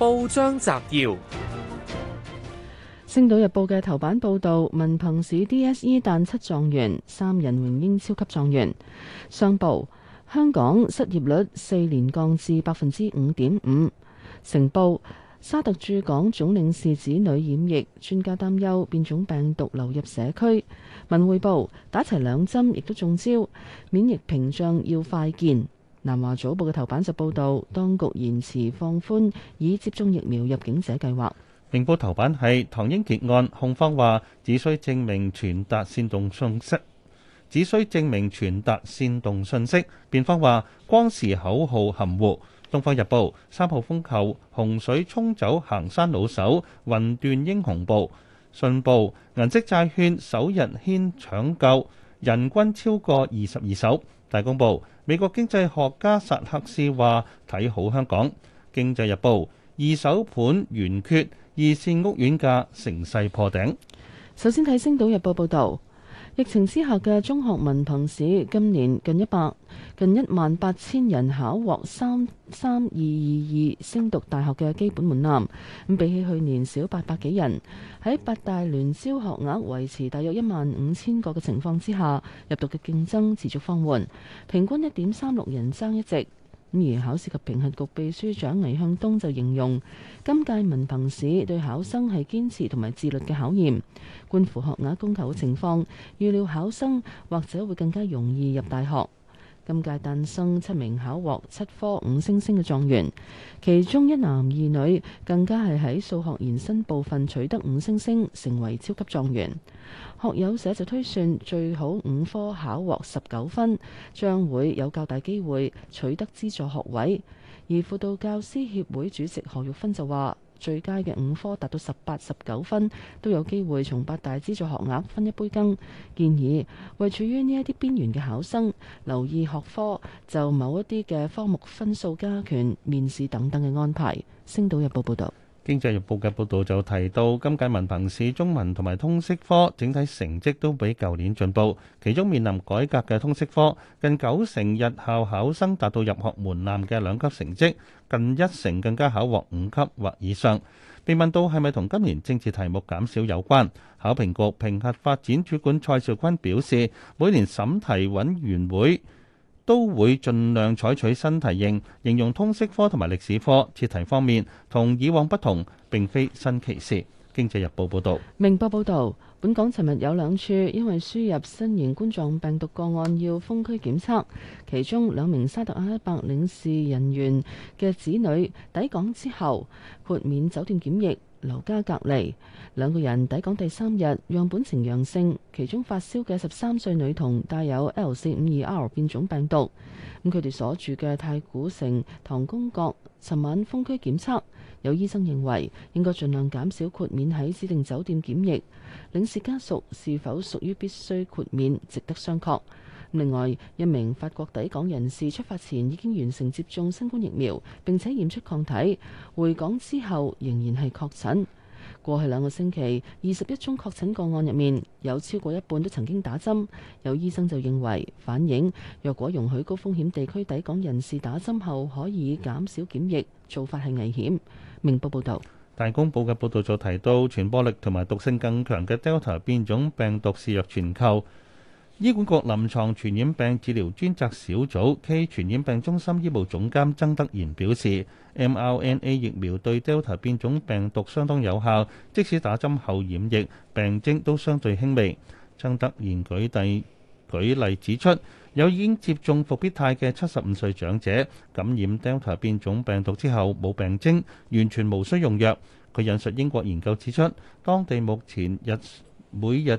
報章摘要：《星島日報》嘅頭版報道，文憑試 DSE 誕七狀元，三人榮膺超級狀元。商報：香港失業率四年降至百分之五點五。成報：沙特駐港總領事子女染疫，專家擔憂變種病毒流入社區。文匯報：打齊兩針亦都中招，免疫屏障要快建。南華早報嘅頭版就報道，當局延遲放寬已接種疫苗入境者計劃。明報頭版係唐英傑案，控方話只需證明傳達煽動信息，只需證明傳達煽動信息。辯方話光時口號含糊」，東方日報三號風球」、「洪水沖走行山老手，雲斷英雄部報。信報銀色債券首日掀搶救，人均超過二十二手。大公報，美國經濟學家薩克斯話睇好香港。經濟日報二手盤圓缺，二線屋苑價乘勢破頂。首先睇《星島日報,報道》報導。疫情之下嘅中學文憑試今年近一百近一萬八千人考獲三三二二二升讀大學嘅基本門檻，咁比起去年少八百幾人。喺八大聯招學額維持大約一萬五千個嘅情況之下，入讀嘅競爭持續放緩，平均一點三六人爭一席。咁而考試及評核局秘書長倪向東就形容，今屆文憑試對考生係堅持同埋自律嘅考驗，觀乎學額供求嘅情況，預料考生或者會更加容易入大學。今屆誕生七名考獲七科五星星嘅狀元，其中一男二女更加係喺數學延伸部分取得五星星，成為超級狀元。學友社就推算最好五科考獲十九分，將會有較大機會取得資助學位。而輔導教師協會主席何玉芬就話，最佳嘅五科達到十八、十九分，都有機會從八大資助學額分一杯羹。建議為處於呢一啲邊緣嘅考生，留意學科，就某一啲嘅科目分數加權、面試等等嘅安排。星島日報報道。經濟日報嘅報導就提到，今屆文憑試中文同埋通識科整體成績都比舊年進步，其中面臨改革嘅通識科近九成日校考生達到入學門檻嘅兩級成績，近一成更加考獲五級或以上。被問到係咪同今年政治題目減少有關，考評局評核發展主管蔡兆坤表示，每年審題委員會，都會盡量採取新提應，形容通識科同埋歷史科設題方面同以往不同，並非新歧視。經濟日報報導。明報報導，本港尋日有兩處因為輸入新型冠狀病毒個案要封區檢測，其中兩名沙特阿拉伯領事人員嘅子女抵港之後豁免酒店檢疫。留家隔離，兩個人抵港第三日，樣本呈陽性，其中發燒嘅十三歲女童帶有 L 四五二 R 變種病毒。咁佢哋所住嘅太古城唐公閣，尋晚封區檢測，有醫生認為應該盡量減少豁免喺指定酒店檢疫，領事家屬是否屬於必須豁免，值得商榷。另外，一名法國抵港人士出發前已經完成接種新冠疫苗，並且驗出抗體，回港之後仍然係確診。過去兩個星期，二十一宗確診個案入面，有超過一半都曾經打針。有醫生就認為，反映若果容許高風險地區抵港人士打針後可以減少檢疫，做法係危險。明報報導，大公報嘅報導就提到，傳播力同埋毒性更強嘅 Delta 變種病毒肆虐全球。醫管局臨床傳染病治療專責小組 K 傳染病中心醫務總監曾德賢表示，mRNA 疫苗對 Delta 變種病毒相當有效，即使打針後染疫，病徵都相對輕微。曾德賢舉例舉例指出，有已經接種復必泰嘅七十五歲長者感染 Delta 變種病毒之後冇病徵，完全無需用藥。佢引述英國研究指出，當地目前日每日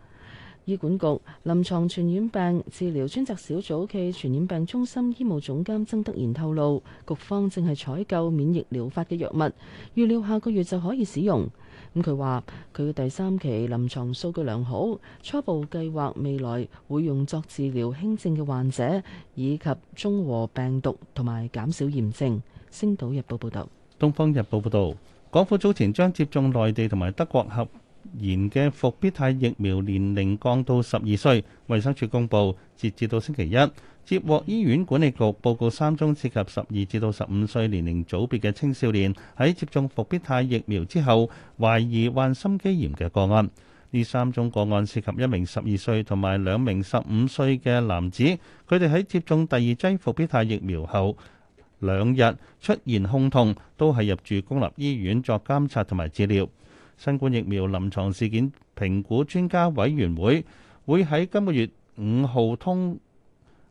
醫管局臨床傳染病治療專責小組暨傳染病中心醫務總監曾德賢透露，局方正係採購免疫療法嘅藥物，預料下個月就可以使用。咁佢話佢嘅第三期臨床數據良好，初步計劃未來會用作治療輕症嘅患者，以及中和病毒同埋減少炎症。星島日報報道，東方日報報道，港府早前將接種內地同埋德國合言嘅復必泰疫苗年齡降到十二歲，衛生署公布，截至到星期一，接獲醫院管理局報告三宗涉及十二至到十五歲年齡組別嘅青少年喺接種復必泰疫苗之後，懷疑患心肌炎嘅個案。呢三宗個案涉及一名十二歲同埋兩名十五歲嘅男子，佢哋喺接種第二劑復必泰疫苗後兩日出現胸痛，都係入住公立醫院作監察同埋治療。新冠疫苗臨床事件評估專家委員會會喺今個月五號通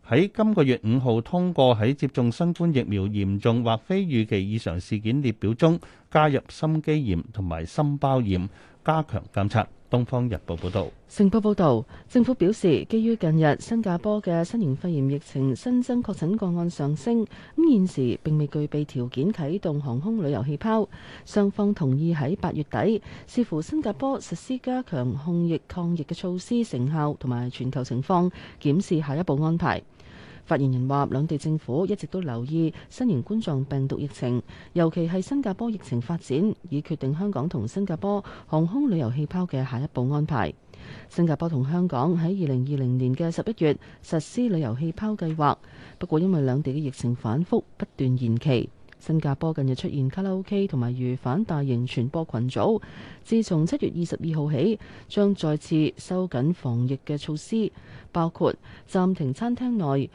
喺今個月五號通過喺接種新冠疫苗嚴重或非預期異常事件列表中加入心肌炎同埋心包炎，加強監測。《東方日報》報道，成報報道，政府表示，基於近日新加坡嘅新型肺炎疫情新增確診個案上升，咁現時並未具備條件啟動航空旅遊氣泡。雙方同意喺八月底，視乎新加坡實施加強控疫抗疫嘅措施成效同埋全球情況，檢視下一步安排。發言人話：兩地政府一直都留意新型冠狀病毒疫情，尤其係新加坡疫情發展，以決定香港同新加坡航空旅遊氣泡嘅下一步安排。新加坡同香港喺二零二零年嘅十一月實施旅遊氣泡計劃，不過因為兩地嘅疫情反覆不斷延期。新加坡近日出現卡拉 OK 同埋魚販大型傳播群組，自從七月二十二號起，將再次收緊防疫嘅措施，包括暫停餐廳內。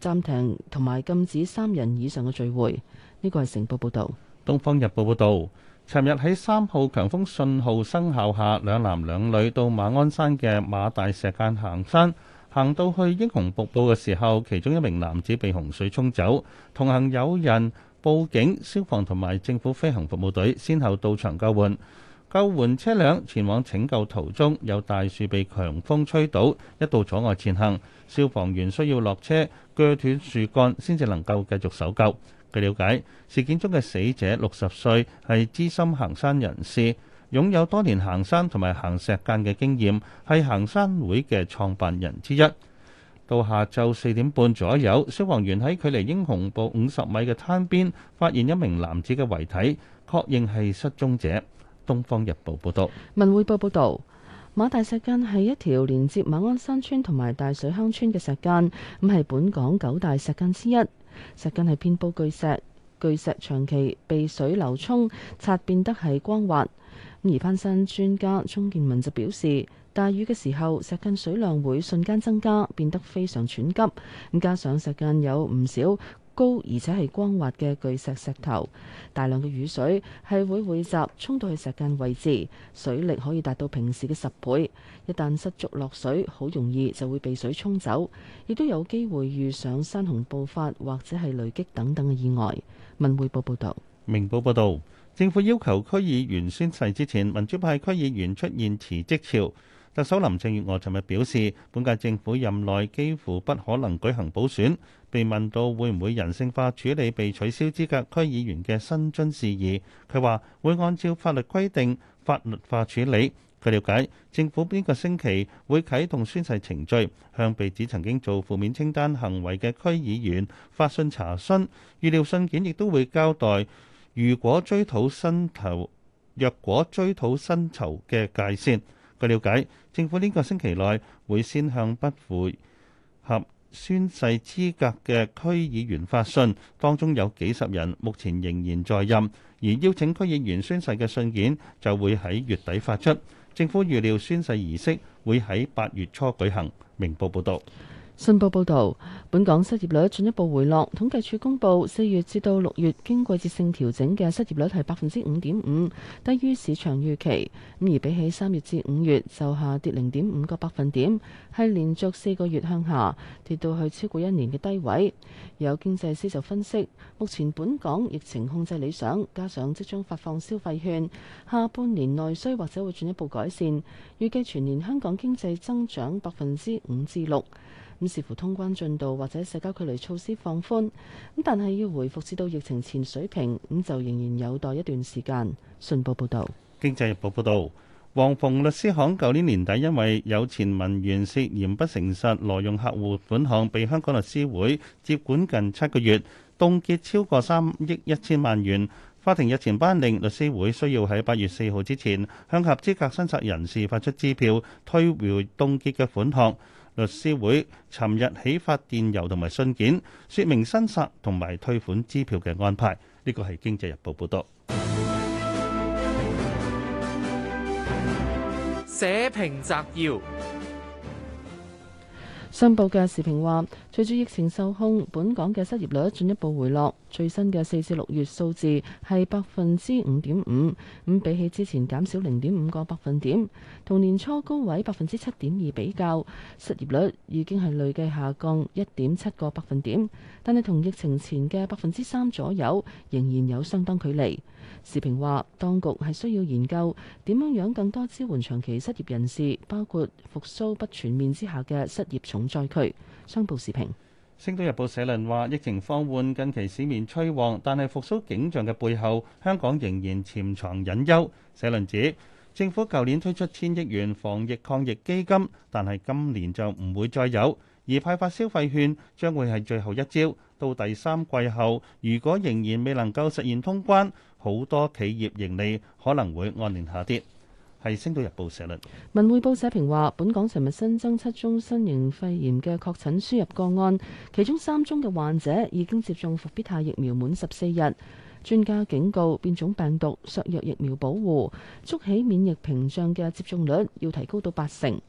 暫停同埋禁止三人以上嘅聚會，呢個係成報報道。《東方日報》報道，尋日喺三號強風信號生效下，兩男兩女到馬鞍山嘅馬大石澗行山，行到去英雄瀑布嘅時候，其中一名男子被洪水沖走，同行有人報警，消防同埋政府飛行服務隊先後到場救援。救援車輛前往拯救途中，有大樹被強風吹倒，一度阻礙前行。消防員需要落車鋸斷樹幹，先至能夠繼續搜救。據了解，事件中嘅死者六十歲，係資深行山人士，擁有多年行山同埋行石澗嘅經驗，係行山會嘅創辦人之一。到下晝四點半左右，消防員喺距離英雄步五十米嘅灘邊發現一名男子嘅遺體，確認係失蹤者。《東方日報》報道，《文匯報》報導，馬大石澗係一條連接馬鞍山村同埋大水坑村嘅石澗，咁係本港九大石澗之一。石澗係遍佈巨石，巨石長期被水流沖刷變得係光滑。而攀山專家鍾建文就表示，大雨嘅時候，石澗水量會瞬間增加，變得非常湍急。加上石澗有唔少高而且係光滑嘅巨石石頭，大量嘅雨水係會匯集沖到去石澗位置，水力可以達到平時嘅十倍。一旦失足落水，好容易就會被水沖走，亦都有機會遇上山洪爆發或者係雷擊等等嘅意外。文匯報報道，明報報道，政府要求區議員宣誓之前，民主派區議員出現辭職潮。特首林鄭月娥尋日表示，本屆政府任內幾乎不可能舉行補選。被問到會唔會人性化處理被取消資格區議員嘅薪津事宜，佢話會按照法律規定法律化處理。據了解，政府呢個星期會啟動宣誓程序，向被指曾經做負面清單行為嘅區議員發信查詢。預料信件亦都會交代，如果追討薪酬，若果追討薪酬嘅界線。據了解，政府呢個星期內會先向不符合宣誓資格嘅區議員發信，當中有幾十人目前仍然在任，而邀請區議員宣誓嘅信件就會喺月底發出。政府預料宣誓儀式會喺八月初舉行。明報報道。信報報導，本港失業率進一步回落。統計處公布，四月至到六月經季節性調整嘅失業率係百分之五點五，低於市場預期。咁而比起三月至五月就下跌零點五個百分點，係連續四個月向下，跌到去超過一年嘅低位。有經濟師就分析，目前本港疫情控制理想，加上即將發放消費券，下半年內需或者會進一步改善，預計全年香港經濟增長百分之五至六。咁視乎通關進度或者社交距離措施放寬，咁但係要回復至到疫情前水平，咁就仍然有待一段時間。信報報道。《經濟日報》報道，黃鳳律師行舊年年底因為有前文員涉嫌不誠實挪用客戶款項，被香港律師會接管近七個月，凍結超過三億一千萬元。法庭日前頒令，律師會需要喺八月四號之前向合資格申索人士發出支票，退回凍結嘅款項。律師會尋日起發電郵同埋信件，說明申索同埋退款支票嘅安排。呢個係《經濟日報》報導。社評摘要。新報嘅時評話：隨住疫情受控，本港嘅失業率進一步回落。最新嘅四至六月數字係百分之五點五，咁比起之前減少零點五個百分點，同年初高位百分之七點二比較，失業率已經係累計下降一點七個百分點，但係同疫情前嘅百分之三左右仍然有相當距離。時評話，當局係需要研究點樣養更多支援長期失業人士，包括復甦不全面之下嘅失業重災區。商報時評，《星島日報》社論話，疫情放緩，近期市面趨旺，但係復甦景象嘅背後，香港仍然潛藏隱憂。社論指，政府舊年推出千億元防疫抗疫基金，但係今年就唔會再有。而派發消費券將會係最後一招，到第三季後，如果仍然未能夠實現通關，好多企業盈利可能會按年下跌。係《星島日報》社論。文匯報社評話：本港尋日新增七宗新型肺炎嘅確診輸入個案，其中三宗嘅患者已經接種復必泰疫苗滿十四日。專家警告變種病毒削弱疫苗保護，築起免疫屏障嘅接種率要提高到八成。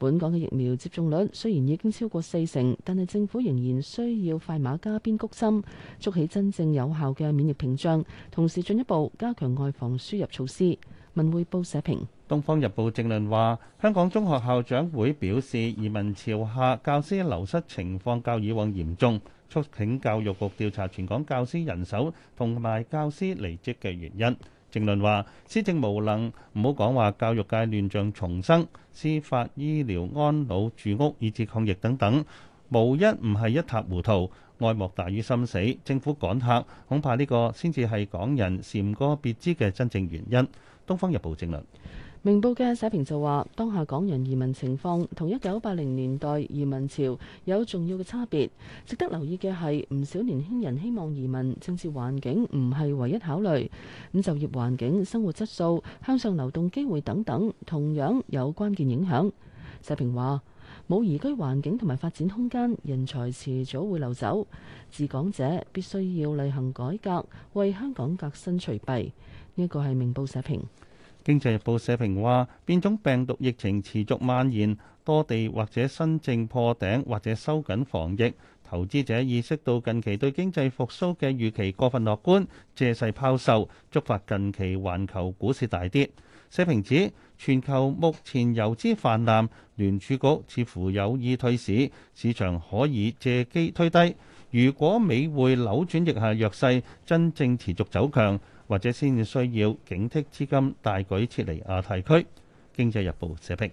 本港嘅疫苗接種率雖然已經超過四成，但係政府仍然需要快馬加鞭、谷針，築起真正有效嘅免疫屏障，同時進一步加強外防輸入措施。文匯報社評。《東方日報》正論話，香港中學校長會表示，移民潮下教師流失情況較以往嚴重，促請教育局調查全港教師人手同埋教師離職嘅原因。政論話：施政無能，唔好講話教育界亂象叢生、司法、醫療、安老、住屋，以至抗疫等等，無一唔係一塌糊塗。哀莫大於心死，政府趕客，恐怕呢個先至係港人蟬過別枝嘅真正原因。《東方日報》政論。明報嘅社評就話：當下港人移民情況同一九八零年代移民潮有重要嘅差別。值得留意嘅係，唔少年輕人希望移民，政治環境唔係唯一考慮。咁就業環境、生活質素、向上流動機會等等，同樣有關鍵影響。社評話：冇宜居環境同埋發展空間，人才遲早會流走。治港者必須要厲行改革，為香港革新除弊。呢、這、一個係明報社評。經濟日報社評話，變種病毒疫情持續蔓延，多地或者新政破頂或者收緊防疫，投資者意識到近期對經濟復甦嘅預期過分樂觀，借勢拋售，觸發近期環球股市大跌。社評指全球目前遊資泛濫，聯儲局似乎有意退市，市場可以借機推低。如果美匯扭轉逆下弱勢，真正持續走強。或者先至需要警惕資金大舉撤離亞太區，《經濟日報》社評。